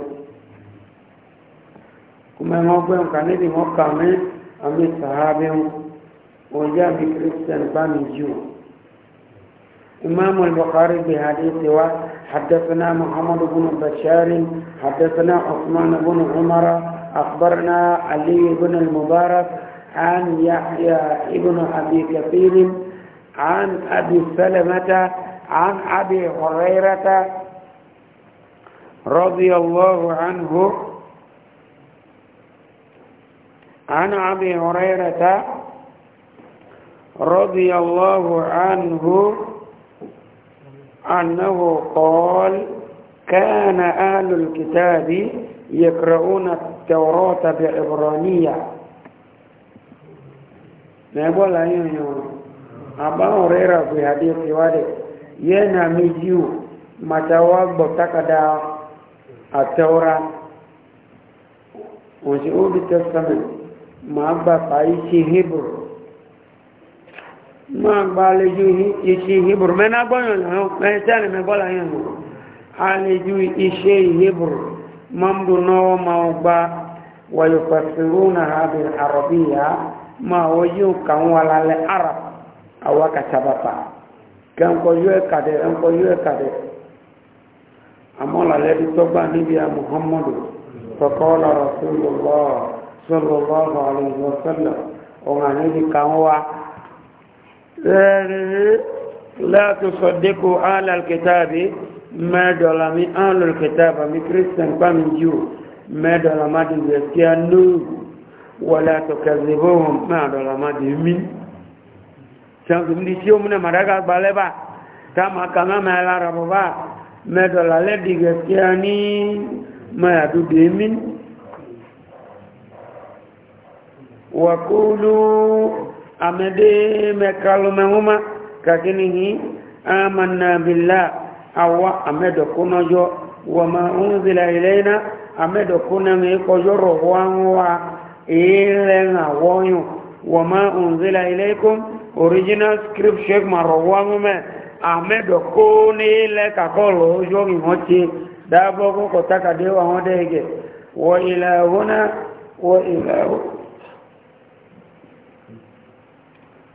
kuma ẹmọ gbẹ̀mù kà níbi mọ́kà mẹ́rin àmì sàhábẹ́ وجاء بكريستان àmì جو bá إمام البخاري بحديث حدثنا محمد بن بشار حدثنا عثمان بن عمر أخبرنا علي بن المبارك عن يحيى بن أبي كثير عن أبي سلمة عن أبي هريرة رضي الله عنه عن أبي هريرة رضي الله عنه أنه قال كان أهل الكتاب يقرؤون التوراة بعبرانية يقول أيها أبا هريرة في حديث وارد ينا ميجيو تواب بتكدا التوراة وشعوب بالتستمنت máa gbà pàáyí ti hebrew máa gbà àlejò iṣẹ́ hebrew mẹ́ná gbọ́yàn lọ́wọ́ mẹ́tẹ́rì mẹ́bọ́lá yẹn lọ àlejò iṣẹ́ hebrew máa ń dùn náà máa gbà wàyọ̀fẹ̀sìrò náà àbí àrọ̀bíyà máa wọ́n yóò kàn wà lálẹ́ arab àwọn kàtàbàtà kẹ́ńkọ́ yóò kàdé ẹ̀ńkọ́ yóò kàdé àmọ́ làlẹ́ bí muhammadu sallallahu alayhi wa sallam ọmọ àníbi kan wá rẹ̀rẹ̀ láti sọ̀dẹ́kù alàlùkẹtàbí mẹ́dọ̀lá mi alàlùkẹtàbà mi kírísítẹ̀n pàmì jù mẹ́dọ̀lá má di gẹ̀ẹ́síà lóòrù wà látọ̀ kẹzìbóhùn mẹ́dọ̀lá má di mí sàǹkùnmí tí ó múnẹ̀ màdága gbalẹ́bà táàmà kàmá mẹ́lára bọ̀bá mẹ́dọ̀lá lẹ́dìgẹ̀ẹ́síà ní mẹ́àdúgbò mí وقولوا أمدي مكالو مهما كاكنه آمنا بالله أو أمد كنا جو وما أنزل إلينا أمد كنا ميكو جرو وانوا إلينا وانيو وما أنزل إليكم original script sheikh marwan me ahmed ko ni le ka ko lo jo mi mo ti da bo ko ta ka de wa ho de ge wa ila huna wa ila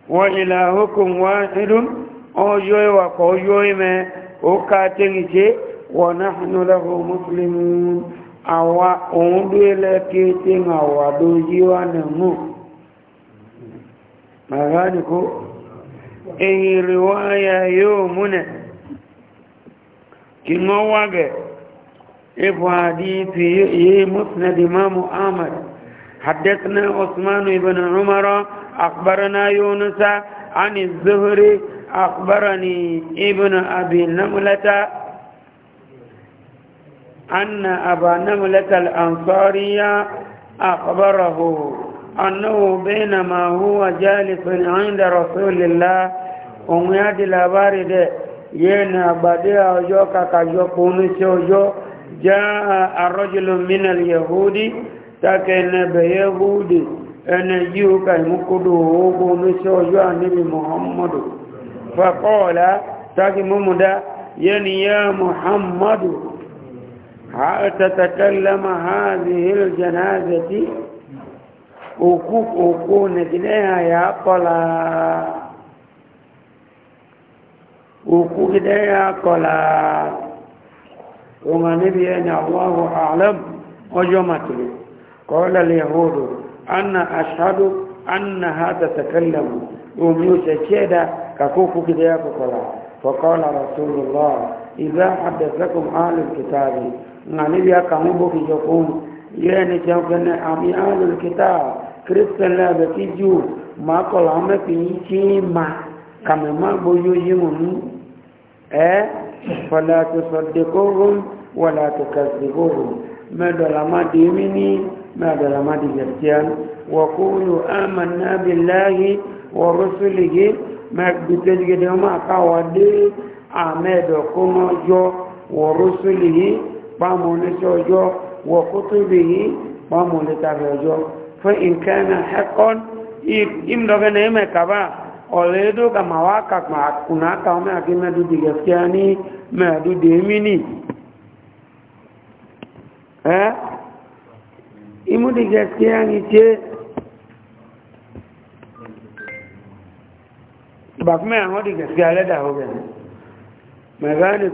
wa ilahukum wahidun ojoy wa ko joy me o ka tengiche wa nahnu lahu muslimun awa ondele ke tinga wa doji wa nemu magani ko ibu ahmad حدثنا عثمان بن عمر أخبرنا يونس عن الزهري أخبرني ابن أبي نملة أن أبا نملة الأنصارية أخبره أنه بينما هو جالس عند رسول الله أمياد الأبارد ينا بديع جوكا كجوكونس جو جاء الرجل من اليهود تكن بيهودي ẹni yíò ka ìmúkúdò ogun oníṣẹ́ ọjọ́ àníbi muhammadu fàkọ́ọ̀lá tàbí múmúdá yẹni yá muhammadu tàtàkàlámà hàzìhì jẹnàzẹ̀tì òkú òkú nìkìlẹ̀ àyà kọlá òkú gidẹ̀ yà kọlá òun àníbi ẹni àwọn àwọn àlẹ́ ọjọ́ màtìrì kọ́ọ̀lá lè hóòdòrò أنا أشهد أن هذا تكلم كيدا ككوكو كذا كلا فقال رسول الله إذا حدثكم آل الكتاب نعني يا كموبو في جفون يعني كان أمي آل الكتاب كريستيان لا بتيجو ما قال أمي في ما كما ما بيو يمون إيه فلا تصدقوهم ولا تكذبوهم ما ما ديمني ما ظلمات الجبتيان وقولوا آمنا بالله ورسله ما بتجد يوم أقوى أمدكم جو ورسله بامونسو جو وكتبه بامونتافي جو فإن كان حقا إم دوغن إما كبا أوليدو كما واقع ما كناك وما كما دو دي جفتياني ما دو دي ها يمد جاتياني تي بقمي هو دي جاتيالا دا هو بيان ما ذلك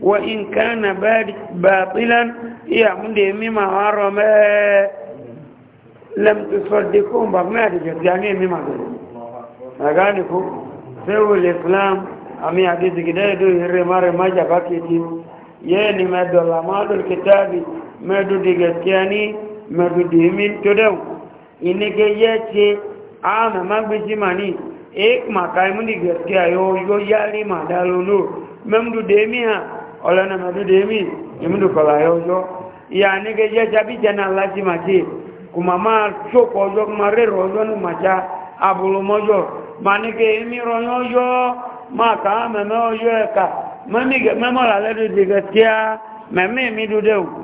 وان كان باد باطلا يا من دي ميما حرم لم تصدقون بقمي هو دي جاتياني ميما ما ذلك سو الاسلام امي حديث كده دو هرمار ما جاباكي تي يا لما دولا ما دول كتابي medu di gaskiya ne medu di min tudau ina ga ya ce a na magbaji mani ek makai muni gaskiya yo yo yari ma dalolo memdu de mi ha olana medu de mi imdu kala yo yo ya ne ga ya jabi jana laji maji kuma ma choko yo ma re ro yo nu maja abulu mojo mani ke mi ro yo yo ma ka yo ka mami ga me la le di gaskiya me mi du de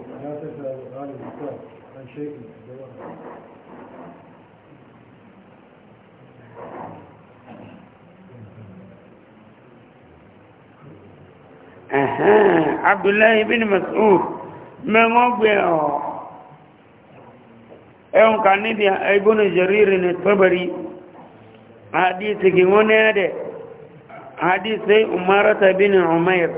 شيء أها عبد الله بن مسعود ما مبيع أيون كان دي ابن جرير الطبري حديث كيونه ده حديث أمارة بن عمير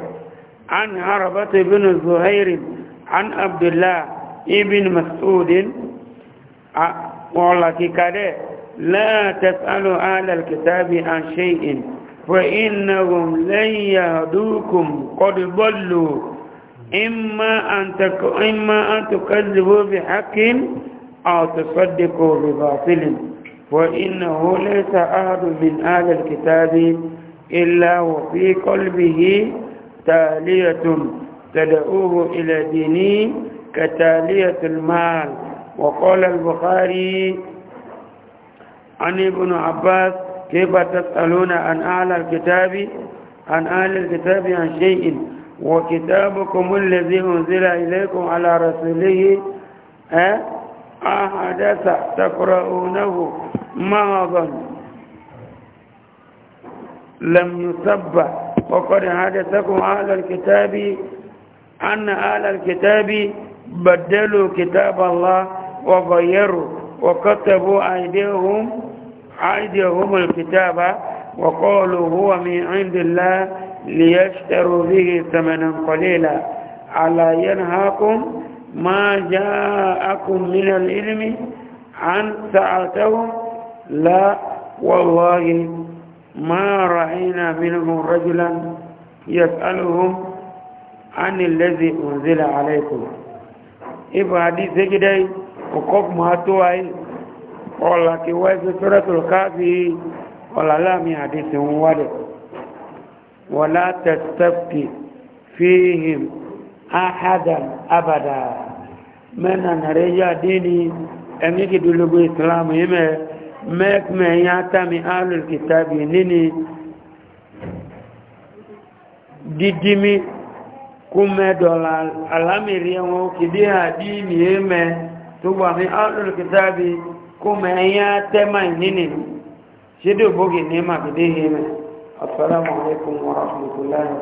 عن عربة بن زهير عن عبد الله ابن مسعود قال كده لا تسألوا أهل الكتاب عن شيء فإنهم لن يهدوكم قد ضلوا إما أن تك... إما أن تكذبوا بحق أو تصدقوا بباطل وإنه ليس أحد من أهل الكتاب إلا وفي قلبه تالية تدعوه إلى دينه كتالية المال وقال البخاري عن ابن عباس كيف تسألون عن أهل الكتاب عن أهل الكتاب عن شيء وكتابكم الذي أنزل إليكم على رسوله أحدث تقرؤونه ماضا لم يسبح وقد حدثكم أهل الكتاب أن أهل الكتاب بدلوا كتاب الله وغيروا وكتبوا أيديهم أيديهم الكتاب وقالوا هو من عند الله ليشتروا به ثمنا قليلا ألا ينهاكم ما جاءكم من العلم عن سعتهم لا والله ما رأينا منهم رجلا يسألهم عن الذي أنزل عليكم ibn adi segidai okop mahatuwai ọ̀la ti wá ẹgbẹ́ sọ́rọ̀tọ̀ káàfi ọ̀la láàmì àdìsí ń wádẹ̀ wọ̀lá tẹ̀sítẹ́pì fíhìm áhádàn abàdà mẹ́nà nàrẹ́ yá dínì ẹ̀mí kìdúlógún islam yìí mẹ́kùnmẹ́ yá tàmí alùkìtàbí níní dídímí kúmẹ́dọ̀lá alámìrí ẹ̀wọ̀n kìdí àdí ní ẹ̀mẹ́ tó gbà mí alùrùkítàbí kúmẹ́ ẹ̀yà tẹ́mà nínú ṣídò bógi ní màkìdí ẹ̀mẹ́ assalamu alaikum wa rahmatullahi